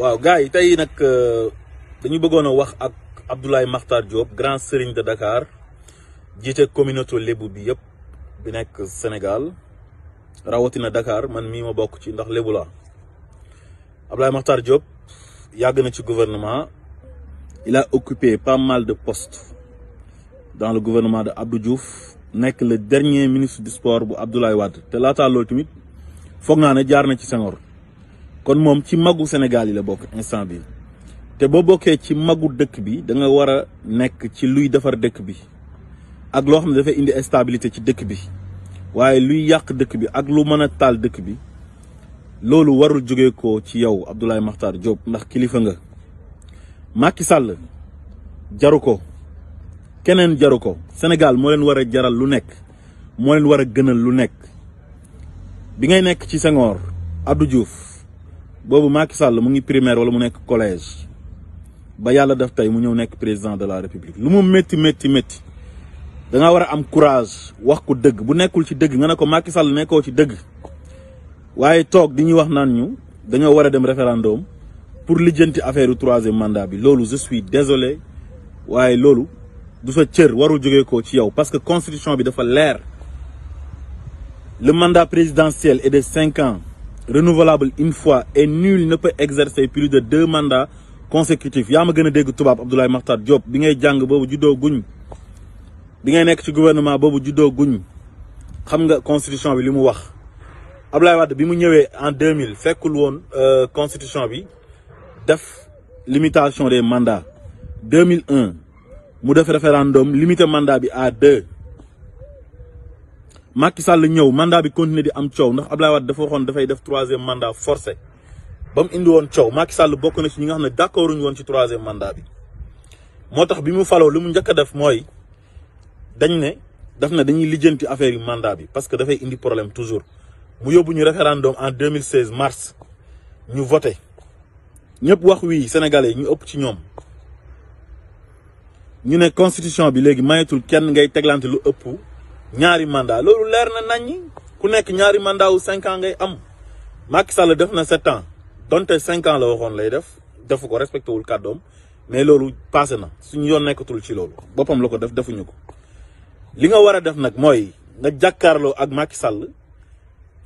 waaw gars yi tey nag euh, dañu bëggoon wax Abdoulaye Makhtar Diop grand serigne de Dakar jiite communauté lébu bi yëpp bi nekk Sénégal rawatina Dakar man mi ma bok ci ndax lébu laa Abdoulaye Makhtar Diop yag na ci gouvernement il a occupé pas mal de postes dans le gouvernement de Abdou Diouf nek le dernier ministre du sport bu Abdoulaye Wade te lata loolu timit foog naa ne jaar na ci Senghor kon moom ci magu Sénégal yi la bokk instant bi te boo bokkee ci magu dëkk bi da nga war a nekk ci luy defar dëkk bi ak loo xam ne dafay indi stabilité ci dëkk bi waaye luy yàq dëkk bi ak lu mën a taal dëkk bi loolu warul jóge ko ci yow Abdoulaye maxtar Diop ndax kilifa nga Macky Sall jaru ko keneen jaru ko Sénégal moo leen war a jaral lu nekk moo leen war a gënal lu nekk bi ngay nekk ci Senghor Abdou Diouf Je Macky Sall primaire wala collège ba yalla def mu président de la république lu mu metti metti da nga wara am courage wax ko deug bu suis ci deug nga ne ko Macky Sall suis ci deug waye tok di ñu wax naan ñu dañu dem référendum pour suis affaire troisième mandat bi je suis désolé waye lolu du suis le waru Je ko ci parce que constitution bi dafa le mandat présidentiel est de 5 ans renouvelable une fois et nul ne peut exercer plus de deux mandats consécutifs yaa ma a dégg Abdoulaye Diop gouvernement vous été xam constitution bi en 2000 euh, constitution def limitation des mandats 2001 mu def référendum le mandat à deux Macky Sall ñëw mandat bi continuer di am coow ndax Abdoulaye Wade dafa da fay def 3e mandat forcé bam indi won coow Macky Sall bokk na ci ñi nga xam ne won ci 3e mandat bi motax bi mu falo lu mu njëkk def moy dañ né daf na dañuy lijeenti affaire yu mandat bi parce que da fay indi problème toujours mu yóbbu ñu référendum en 2016 mars ñu voté ñëpp wax wi sénégalais ñu ëpp ci ñom ñu né constitution bi légui mayetul kenn ngay teglante lu ëpp ñaari mandat loolu leer na naññi ku nekk ñaari mandat wu ngay am Macky Sall def na sept donte cinq la waxoon lay def defu ko respecté wul kàddoom mais loolu passé na suñu yoon nekkatul ci loolu boppam la ko def defuñu ko li nga war a def nag mooy nga jàkkaarloo ak Macky Sall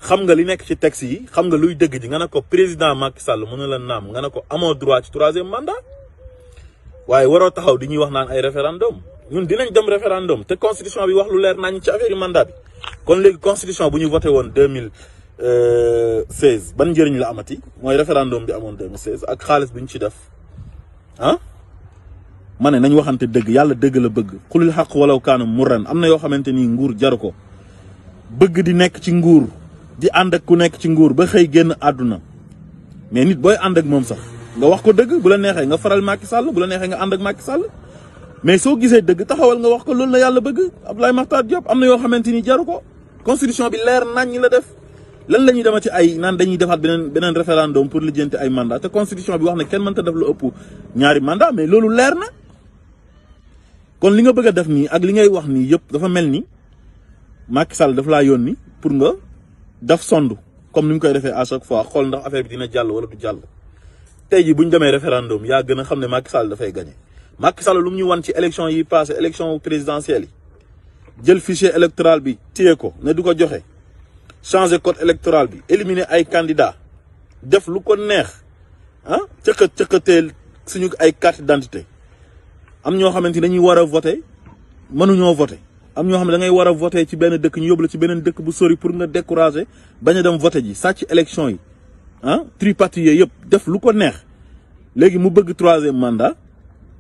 xam nga li nekk ci texte yi xam nga luy dëgg ji nga ne ko président Macky Sall mën na la naam nga ne ko amoo droit ci troisième mandat waaye waroo taxaw di ñuy wax naan ay référendum ñun dinañ dem référendum te constitution bi wax lu leer nañ ci affaire yu mandat bi kon léegi constitution bu ñu voté woon deux mille euh, seize ban njëriñ la amati mooy référendum bi amoon deux mille ak xaalis bu ñu ci def ah. ma ne nañ waxante dëgg yàlla dëgg la bëgg xulil xaq walaw kaanu ren am na yoo xamante ni nguur jaru ko bëgg di nekk ci nguur di ànd ak ku nekk ci nguur ba xëy génn àdduna mais nit booy ànd ak moom sax nga wax ko dëgg bu la neexee nga faral Macky Sall bu la neexee nga ànd ak Macky Sall mais soo gisee dëgg taxawal nga wax ko loolu na yàlla bëgg Abdoulaye Makhtar Diop am na yoo xamante ni jaru ko constitution bi leer nañ ñi la def lan la ñuy ci ay naan dañuy defaat beneen beneen référendum pour lijjanti ay mandat te constitution bi wax ne kenn mënta def lu ëpp ñaari mandat mais loolu leer na kon li nga bëgg a def nii ak li ngay wax nii yëpp dafa mel ni Macky Sall daf yoon yónni pour nga daf sondu comme ni mu koy defee à chaque fois xool ndax affaire bi jàll wala du jàll tey ji ñu demee référendum yaa gën xam ne Macky Sall dafay gagné Macky Sall lu ñu wan ci élection yi passé élection présidentielle jël fichier électoral bi téye ko ne du ko joxe changer code électoral bi éliminer ay candidats def lu ko neex ah cëkkat cëkkateel suñu ay carte d'identité am ñoo xamanteni dañuy wara voter mënu ñoo voter am ñoo xam ne da ngay war voter ci benn dëkk ñu yóbbu ci beneen dëkk bu sori pour nga décourager baña dem voter ji sacc élection yi ah tripartite yooyu yëpp def lu ko neex légui mu bëgg troisième mandat.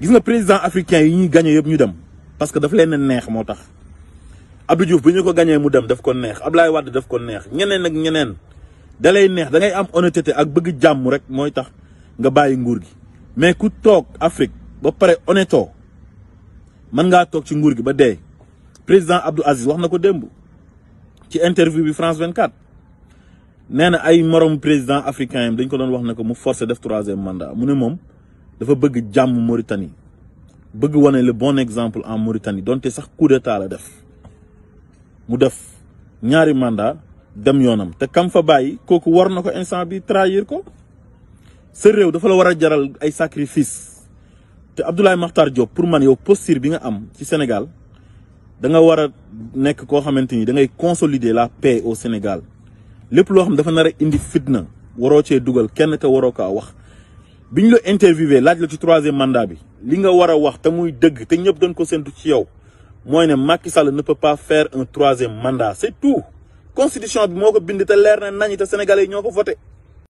gis nga président africain yi ñuy gagné yëpp ñu dem parce que daf leen neex moo tax Abdou Diouf bi ñu ko gagné mu dem daf ko neex ab Abdoulaye Wade daf ko neex ñeneen ak ñeneen da lay neex dangay am honnêteté ak bëgg jàmm rek mooy tax nga bàyyi nguur gi mais ku toog Afrique ba pare honnêto mën ngaa toog ci nguur gi ba dee président Abdou Aziz wax na ko démb ci interview bi France 24 nee na ay moroom président africain yam dañ ko doon wax na ko mu forcé def troisième mandat mu ne moom. dafa bëgg jàmm Mauritanie bëgg wane le bon exemple en Mauritanie donte sax coup taal a def mu def ñaari mandat dem yoonam te kam fa bàyyi kooku war na ko instant bi trahir ko sa réew dafa la war a jaral ay sacrifice te Abdoulaye Makhtar Diop pour man yow posture bi nga am ci Sénégal da nga war a nekk koo xamante ni da ngay consolider la paix au Sénégal lépp loo xam dafa nar a indi fitna waroo cee dugal kenn te waroo kaa wax bi ñu la interviewé laaj la ci troisième mandat bi li nga war a wax te muy dëgg te ñëpp doon ko séntu ci yow mooy ne Macky na ne pas faire un troisième mandat c'est tout constitution bi moo ko bind te leer na nañi te sénégalais yi ñoo ko voté